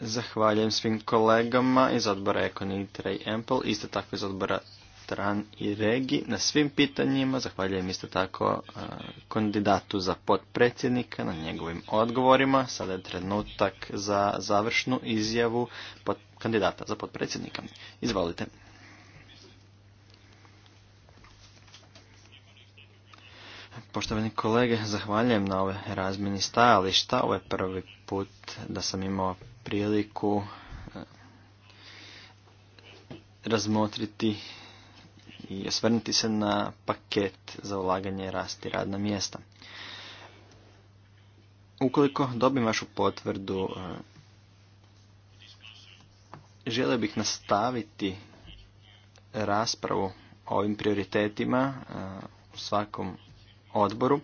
Zahvaljujem svim kolegama iz odbora Econitra i Ample, isto tako iz odbora Tran i Regi na svim pitanjima. Zahvaljujem isto tako e, kandidatu za potpredsjednika na njegovim odgovorima. Sada je trenutak za završnu izjavu kandidata za potpredsjednika. Izvolite. Poštovani kolege, zahvaljujem na ove razmjeni stajališta. Ovo je prvi put da sam imao priliku e, razmotriti i osvrnuti se na paket za ulaganje rasti radna mjesta. Ukoliko dobim vašu potvrdu, e, želio bih nastaviti raspravu o ovim prioritetima e, u svakom odboru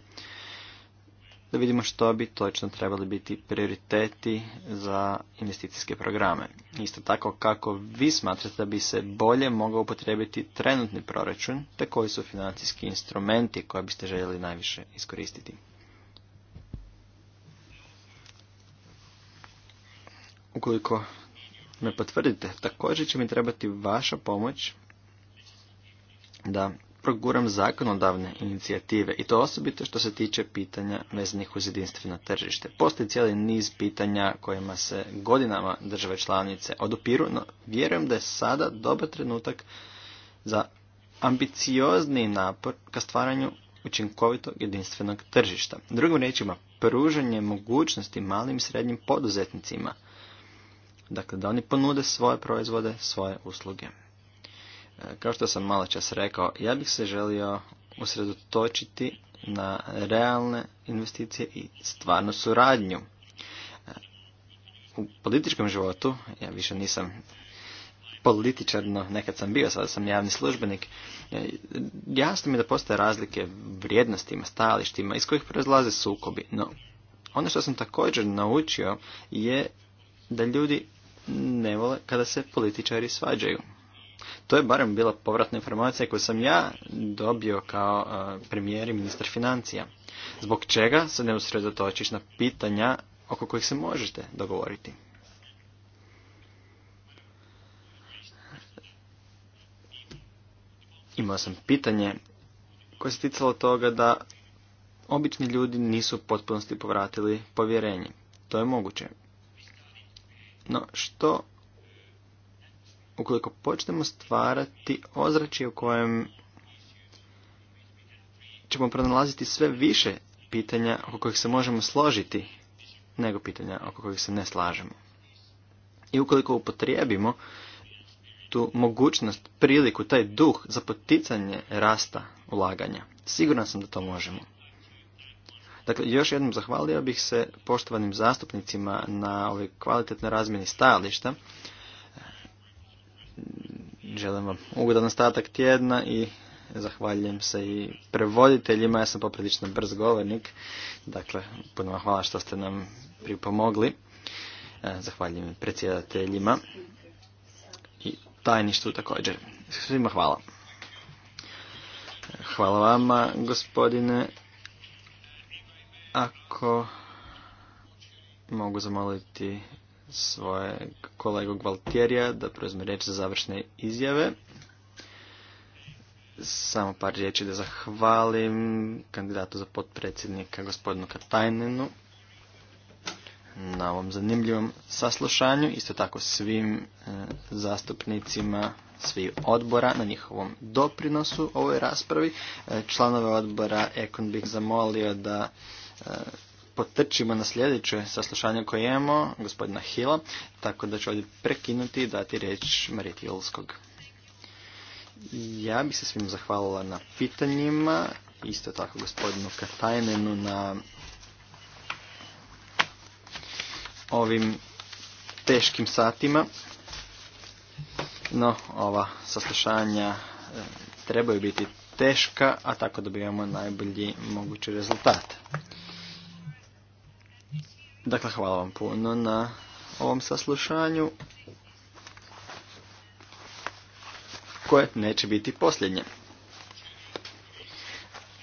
da vidimo što bi točno trebali biti prioriteti za investicijske programe. Isto tako kako vi smatrate da bi se bolje mogao upotrijebiti trenutni proračun, te koji su financijski instrumenti koje biste željeli najviše iskoristiti. Ukoliko me potvrdite, također će mi trebati vaša pomoć da proguram zakonodavne inicijative i to osobito što se tiče pitanja vezanih uz jedinstveno tržište. Postoji cijeli niz pitanja kojima se godinama države članice odupiru, no vjerujem da je sada dobar trenutak za ambiciozni napor ka stvaranju učinkovitog jedinstvenog tržišta. Drugim riječima, pružanje mogućnosti malim i srednjim poduzetnicima, dakle da oni ponude svoje proizvode, svoje usluge. Kao što sam malo čas rekao, ja bih se želio usredotočiti na realne investicije i stvarnu suradnju. U političkom životu, ja više nisam političarno, nekad sam bio, sada sam javni službenik, jasno mi da postoje razlike vrijednostima, stajalištima iz kojih proizlaze sukobi, no ono što sam također naučio je da ljudi ne vole kada se političari svađaju. To je barem bila povratna informacija koju sam ja dobio kao e, premijer i ministar financija. Zbog čega se ne usredotočiš na pitanja oko kojih se možete dogovoriti? Imao sam pitanje koje se ticalo toga da obični ljudi nisu u potpunosti povratili povjerenje. To je moguće. No što ukoliko počnemo stvarati ozračje u kojem ćemo pronalaziti sve više pitanja oko kojih se možemo složiti nego pitanja oko kojih se ne slažemo. I ukoliko upotrijebimo tu mogućnost, priliku, taj duh za poticanje rasta ulaganja, siguran sam da to možemo. Dakle, još jednom zahvalio bih se poštovanim zastupnicima na ovoj kvalitetnoj razmjeni stajališta Želim vam ugodan ostatak tjedna i zahvaljujem se i prevoditeljima. Ja sam poprilično brz govornik, dakle puno vam hvala što ste nam pripomogli. E, zahvaljujem predsjedateljima i tajništvu također. Svima hvala. Hvala vama, gospodine. Ako mogu zamoliti svoje kolegu Gvaltjerija da preuzme riječ za završne izjave. Samo par riječi da zahvalim kandidatu za potpredsjednika gospodinu Katajnenu na ovom zanimljivom saslušanju. Isto tako svim e, zastupnicima svih odbora na njihovom doprinosu ovoj raspravi. E, članove odbora Ekon bih zamolio da e, potrčimo na sljedeće saslušanje koje imamo, gospodina Hila, tako da ću ovdje prekinuti i dati riječ Mariti Olskog. Ja bih se svim zahvalila na pitanjima, isto tako gospodinu Katajnenu na ovim teškim satima. No, ova saslušanja e, trebaju biti teška, a tako dobijamo najbolji mogući rezultat. Dakle, hvala vam puno na ovom saslušanju koje neće biti posljednje.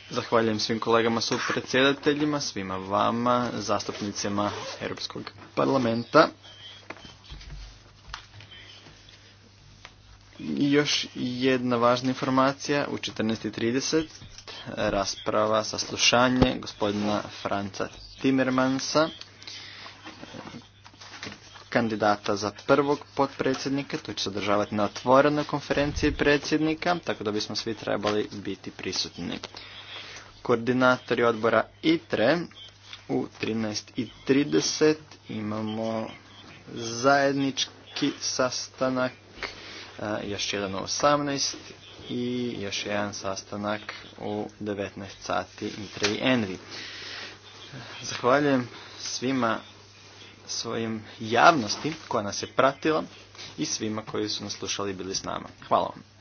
Zahvaljujem svim kolegama su predsjedateljima, svima vama, zastupnicima Europskog parlamenta. I još jedna važna informacija, u 14.30 rasprava, saslušanje gospodina Franca Timmermansa kandidata za prvog potpredsjednika, to će se održavati na otvorenoj konferenciji predsjednika, tako da bismo svi trebali biti prisutni. Koordinatori odbora ITRE u 13.30 imamo zajednički sastanak, e, još jedan u 18 i još jedan sastanak u 19 sati ITRE i ENVI. Zahvaljujem svima svojim javnosti koja nas je pratila i svima koji su nas slušali i bili s nama. Hvala vam.